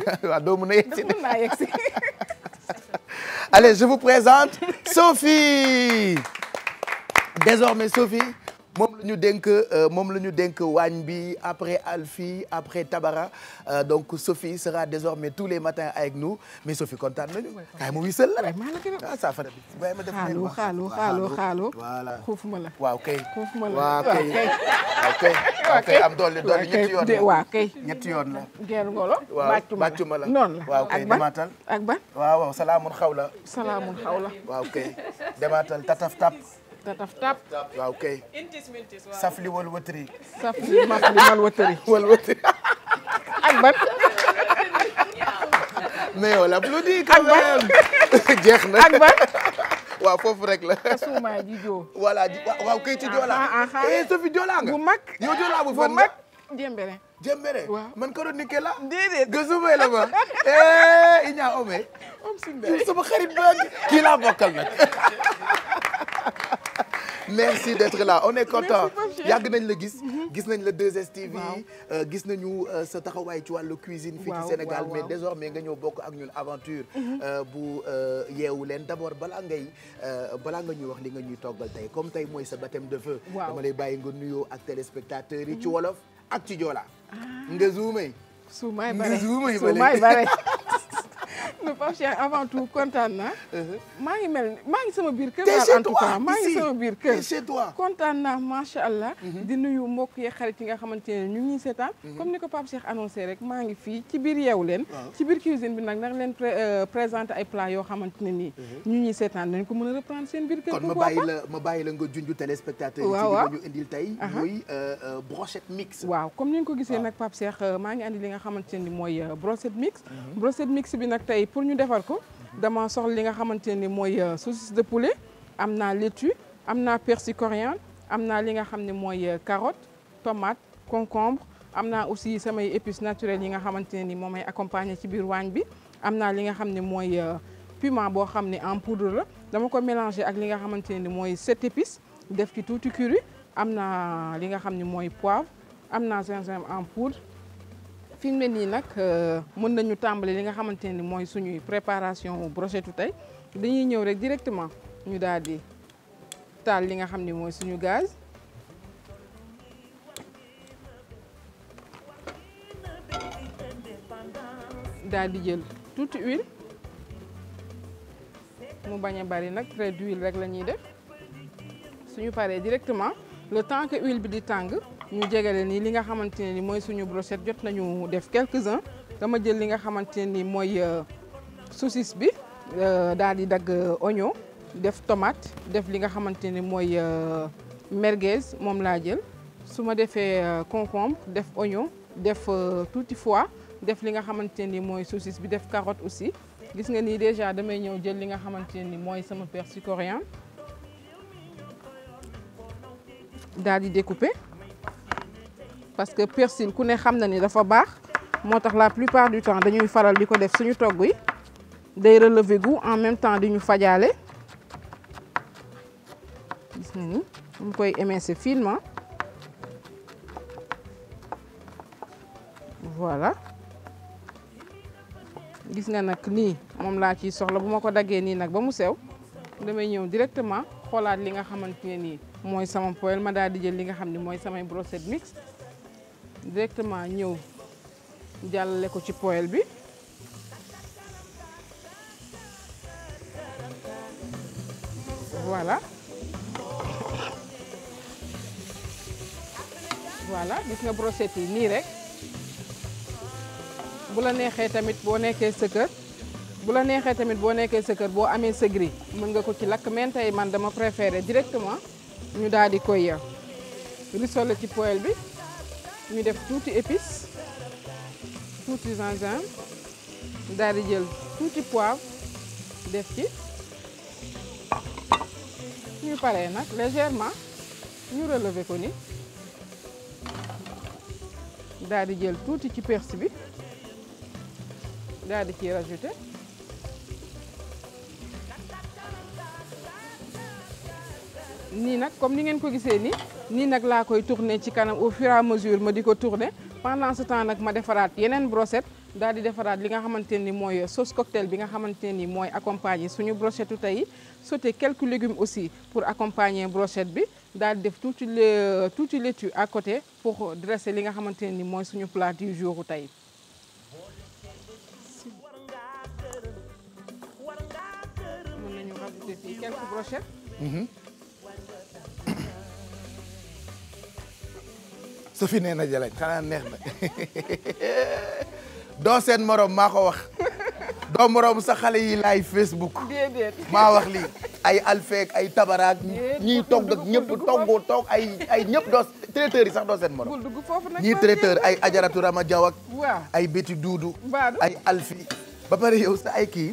waaw ah, doo mën a yegsi je vous présente Sophie désormais Sophie moom la ñu dénk euh, moom la ñu dénk waañ bi après Alfie après Tabara euh, donc Sophie sera désormais tous les matins avec nous mais Sophie kontaan nañu. kay mu wisal la rek ah saa fa ma def xaalu xaalu xaalu xaalu. voilà xuufuma la. waaw kay xuufuma la waaw kay. waaw kay waaw kay la waaw kay ñetti la. gerte tataf tap. tataf tap waaw wal wëtëri saf li li mal wëtëri wal wëtëri ak ban mais yow l'applaudit quand même jeex na ak ban waaw foofu la asuuma ji joo voilà waaw ci joola ah, ah, ah. eh, bu mag yow joola bu fan mag jembere jembere man ko doon nikke la déedéet gësumay la ma eh i ñaa ome om sumbere sama xarit ba kii merci d'être là on est content yàgg nañ la gis mhm. gis nañ la 2STV euh, gis nañu euh, sa taxawaay ci wàllu cuisine fii ci Sénégal mais désormais nga ñëw bokk ak ñun aventure mhm. euh, bu yeewu leen d'abord balaa ngay balaa nga ñuy wax li nga ñuy toggal tey comme tey mooy sa baptême de feu dama lay bàyyi nga nuyoo ak téléspectateurs yi ci mhm. wolof ak ci joola ah. nga zoomé suumay bare bare Pape Cheikh avant tout kontaan na uh-huh. maa ngi mel maa ngi sama biir kër daal maa ngi sama biir kër chez kontaan na macha allah uh-huh. di nuyu mbokk yi xarit nga xamante ne ñu ngi ñuy seetaan uh-huh. comme ni ko Pape Cheikh annoncé rek maa ngi fi ci biir yeewu leen ci biir cuisine bi nag nag leen euh, présenté ay plat yoo xamante ne nii ñu ñuy seetaan dañ ko mën a reprendre seen biir kër kon ma bàyyi la ma bàyyi la nga junju téléspectateur waaw ñu indil tey muy euh, euh, brochette mix waaw comme ni nga ko gisee nag Pape Cheikh maa ngi andi li nga xamante ne ni mooy brochette mix brochette mix bi nag tey pour ñu defar ko dama soxla li nga xamante ne mooy euh, saucisse de poulet am naa laitue am naa persil coriandre am naa li nga xam ne mooy euh, carotte tomate concombre am naa aussi samay épices naturelles yi nga xamante ne ni moom may accompagner ci biir waañ bi am naa linga xam ne mooy euh, piment boo xam ne en poudre la dama ko mélanger ak li nga xamante ne ni mooy sept épices def ci tuuti curry am na li nga xam ne mooy poivre am naa gingembre en poudre fi ñu ne nii nag euh, mën nañu tàmbali li nga xamante ni mooy suñuy préparation brochetu tey dañuy ñëw rek directement ñu daal di taal li nga xam ni mooy suñu gaz. daal di jël tuuti huile mu bañ a bari nag trait d'huile rek la ñuy def suñu paree directement le temps que huile bi di tàng. ñu jege jegale nii li nga xamante ne ni mooy suñu brochette jot nañu def quelques-uns dama jël li nga xamante ne ni mooy euh, saucisse bi euh, daal di dagg euh, oignon def tomate def li nga xamante ne mooy merguez moom laa jël su ma defee concombre def oignon def tuuti foie def li nga xamante ni mooy saucisse bi def carotte aussi gis nga nii déjà damay ñëw jël li nga xamante ni mooy sama persil coréen daal di découper parce que persil ku ne xam na ni dafa baax moo tax la plupart du temps dañuy faral di ko def suñu togg yi day relever goût en même temps di ñu fajaale gis nga ni ñu koy émincer finement voilà gis nga nag nii moom laa ciy soxla bu ma ko daggee nii nag ba mu sew damay ñëw directement xoolaat li nga xamante ne nii mooy sama poêle ma daal di jël li nga xam ne mooy samay brochette mixte directement ñëw jàllale ko ci poêle bi voilà voilà gis nga brochette yi nii rek bu la neexee tamit boo nekkee sa bu la neexee tamit boo nekkee sa kër boo amee sa mën nga ko ci lakk men tey man dama préféré directement ñu daal di koy euh, rissolé ci poêle bi ñu def tuuti épice tuuti gingembre daal di jël tuuti poivre def ci ñu paree nag légèrement ñu relever ko ni daal jël tuuti ci persil bi daal di ciy rajouter nii nag comme ni ngeen ko gisee nii nii nag laa koy tourner ci kanam au fur et à mesure ma di ko tourner pendant ce temps nag ma defaraat yeneen brochette daal di defaraat li nga xamante ni mooy sauce cocktail bi nga xamante ni mooy accompagner suñu brochette tey sauté quelques légumes aussi pour accompagner brochette bi daal di def tuuti le tu à côté pour dresser li nga xamante ni mooy suñu plat du jour tey. mën su fi nee na jalañ xanaa neex na doo seen morom maa ko wax doo moroom sax xale yi laay Facebook maa wax lii ay alfeek ay tabaraak ñii togg ak ñëpp toggoo toog ay ay ñëpp doo yi sax doo seen morom ñii traiteur ay ajaratu rama jaw ak ay béti duudu ay alfi ba pare yow sa ay kii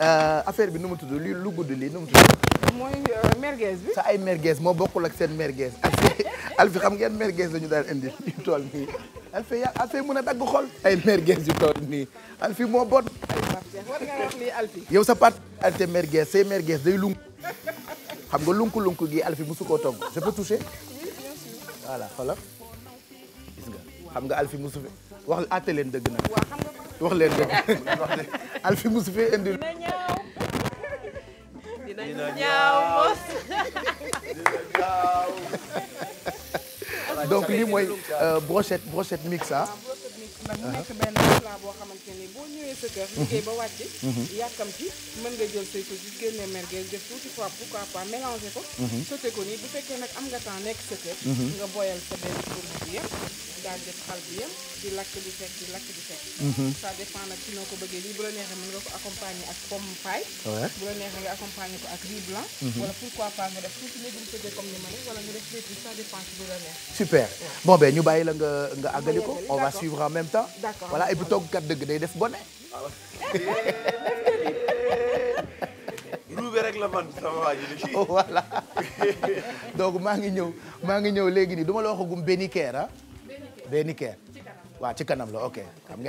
euh, affaire bi nu mu tudd lii lu gudd lii nu mu tudd mooy euh, merguez bi. sa ay merguez moo bokkul ak seen merguez Alphie Alphie xam ngeen merguez la ñu daan indi yu tool nii Alphie yaa Alphie mën a dagg xol ay merguez yu tool nii Alphie moo bon. yow sa pat alte merguez say merguez day lunk xam nga lunk lunk gi Alphie musu koo togg je peux toucher voilà xoolal gis xam nga Alphie musu fi wax leen dëgg nag. wax leen musu fi indil. dinañu ñaaw mos dina ñaaw donc lii mooy euh, brochette brochette mixte ah. nag mu nekk benn plat boo xamante ni boo ñëwee sa kër mhm. liggéey ba wàcc mhm. yàkkamti mën nga jël say sous génne merguez def tuuti fois pourquoi pas mélanger ko mhm. sauté ko nii bu fekkee nag am nga temps nekk sa kër nga boyal sa benn tourne bi yëpp daal def xal yëpp di lakk di fekk di lakk di fekk ça dépend nag ci noo ko bëggee lii bu la neexee mën nga ko accompagner ak pomme paille bu la neexee ko ak riz blanc wala pourquoi pas nga def ma ne wala nga def léegi ci bu super bon ben ñu bàyyi la nga nga àggali ko temps. d'accord voilà et puis toggkat dëgg day def bone ruube donc maa ngi ñëw maa ngi ñëw léegi nii du ma la waxagum benn keer ah. benn keer waaw ci kanam la ok xam ngeen.